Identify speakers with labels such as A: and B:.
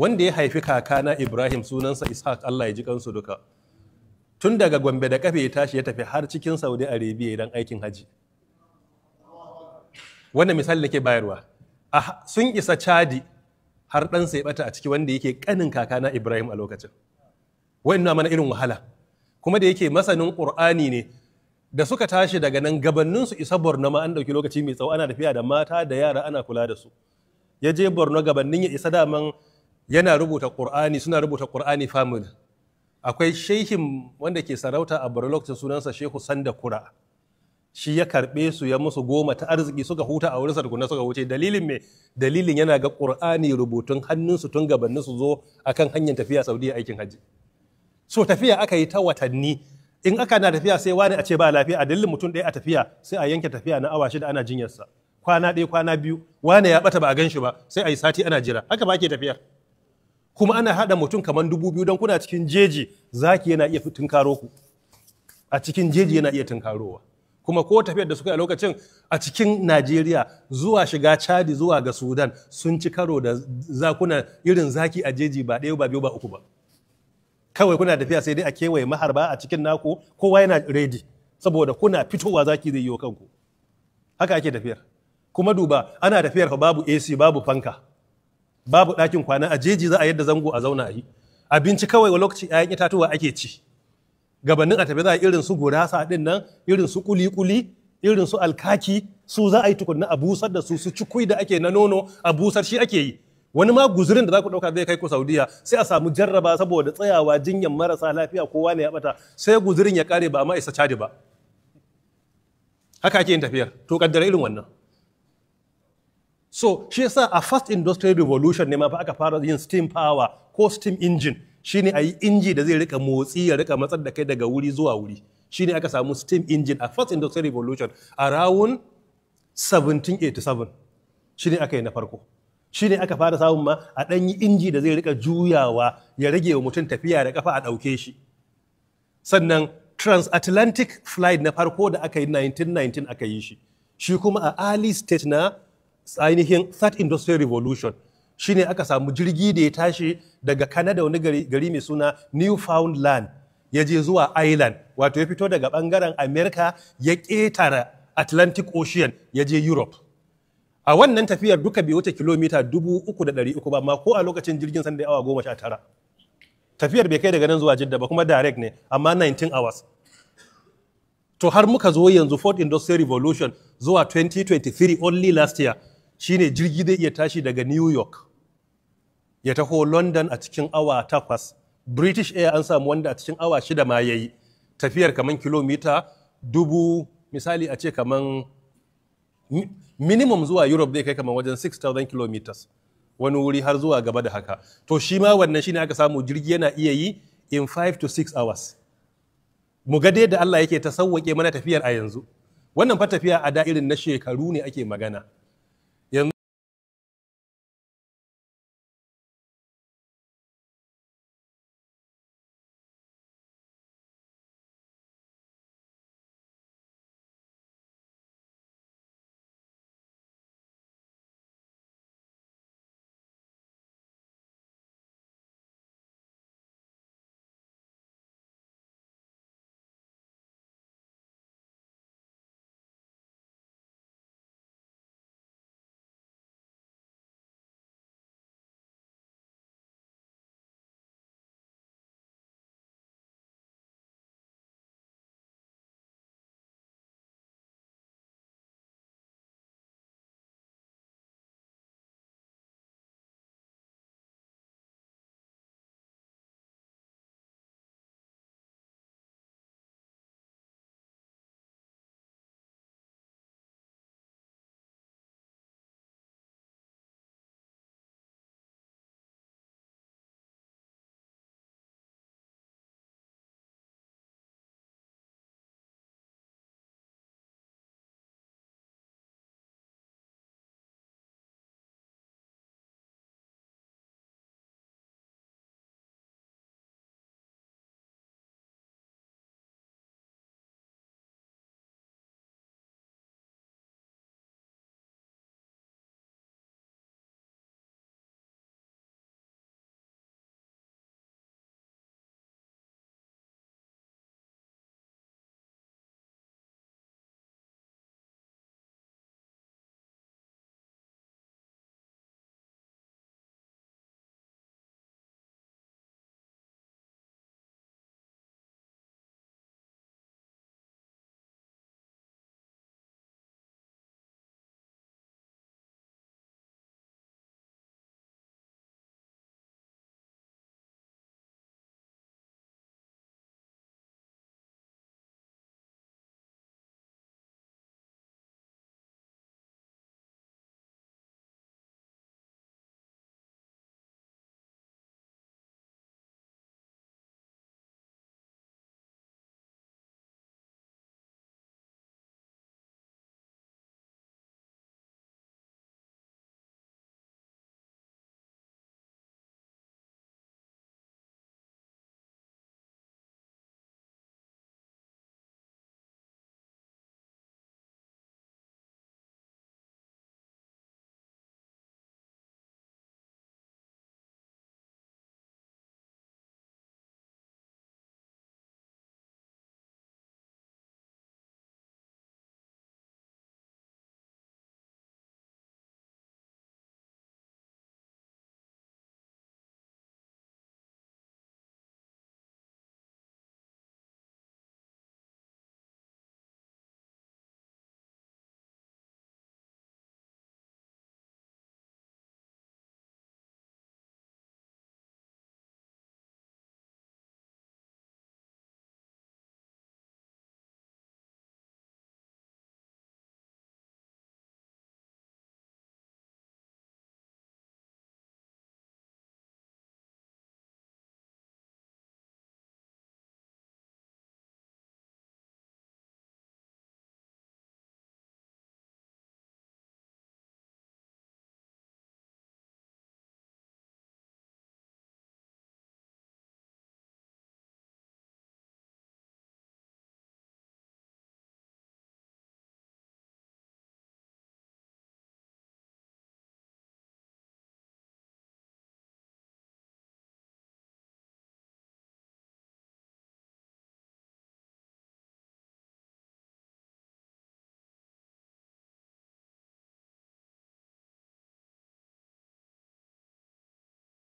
A: wanda ya haifi kakana ibrahim sunansa ishaq allah ya ji kansu duka tun daga gombe da kafe ya tashi ya tafi har cikin saudi arabia idan aikin haji wanda misali nake bayarwa ah, sun isa chadi har ɗan sai bata a ciki wanda yake kanin kakana ibrahim a lokacin wannan mana irin wahala kuma da yake masanin Kur'ani ne da suka tashi daga nan gabaninsu isa borno ma an ɗauki lokaci mai tsawo ana tafiya da mata da yara ana kula da su ya je borno gabanin ya isa daman yana rubuta ƙur'ani suna rubuta ƙur'ani family akwai shehin wanda ke sarauta a lokacin sunansa shehu sanda kura shi ya karɓe su ya musu goma ta arziki suka huta a wurin sarkuna suka wuce dalilin me dalilin yana ga ƙur'ani rubutun hannunsu tun gabanin su zo akan hanyar tafiya saudiya aikin hajji so tafiya aka yi ta watanni in aka na tafiya sai wani a ce ba lafiya a dalilin mutum ɗaya a tafiya sai a yanke tafiya na awa shida ana jinyarsa kwana ɗaya kwana biyu wani ya ɓata ba a gan shi ba sai a yi sati ana jira haka ba ke tafiyar kuma ana haɗa mutum kamar dubu biyu don kuna cikin jeji zaki yana iya tunkaro ku a cikin jeji yana iya tunkarowa kuma ko tafiyar da suka yi a lokacin a cikin najeriya zuwa shiga chadi zuwa ga sudan sun ci karo da zakuna irin zaki a jeji ba ɗaya ba biyu ba uku ba kawai kuna tafiya sai dai a kewaye maharba a cikin naku kowa yana redi saboda kuna fitowa zaki zai yi wa kanku haka ake tafiyar kuma duba ana tafiyar babu ac babu fanka babu ɗakin kwana a jeji za a yadda zango a zauna a yi abinci kawai wa lokaci ‘ya'yan itatuwa ake ci gabanin a tafi za a irin su gurasa ɗin nan irin su kuli-kuli irin su alkaki su za a yi tukunna a busar da su su cikui da ake na nono a busar shi ake yi wani ma guzurin da za ku ɗauka zai kai ku saudiya sai a samu jarraba saboda tsayawa jinyan marasa lafiya kowa ne ya bata sai guzurin ya kare ba a ma isa cadi ba haka ake yin tafiyar to kaddara irin wannan so shi yasa a first industrial revolution ne ma fa aka fara yin steam power ko steam engine shine a yi inji da zai rika motsi ya rika matsar da kai daga wuri zuwa wuri shine aka samu steam engine a first industrial revolution a rawun 1787 shine aka yi na farko shine aka fara samun ma a yi inji da zai rika juyawa ya rage wa mutum tafiya da kafa a ɗauke shi sannan transatlantic flight na farko da aka yi 1919 aka yi shi shi kuma a early state na ainihin third industrial revolution shine aka samu jirgi da ya tashi daga kanada wani gari mai suna Newfoundland ya je zuwa Ireland wato ya fito daga bangaren America ya ƙetara Atlantic Ocean ya je Europe a wannan tafiyar duka bai wuce kilomita 3,300 ba ma ko a lokacin jirgin sanda awa tara tafiyar bai kai daga nan zuwa Jidda ba kuma direct ne amma 19 hours to har muka zo yanzu fourth industrial revolution zuwa 2023 only last year shine jirgi zai iya tashi daga new york ya taho london a cikin awa takwas british air an samu wanda a cikin awa shida ma ya yi tafiyar kamar kilomita dubu misali a ce kamar minimum zuwa europe zai kai kamar wajen 6000 kilometers wani wuri har zuwa gaba da haka to shi ma wannan shine aka samu jirgi yana iya yi in 5 to 6 hours mu ga dai da Allah yake ta sauwake mana tafiyar a yanzu wannan fa tafiya a da irin na shekaru ne ake magana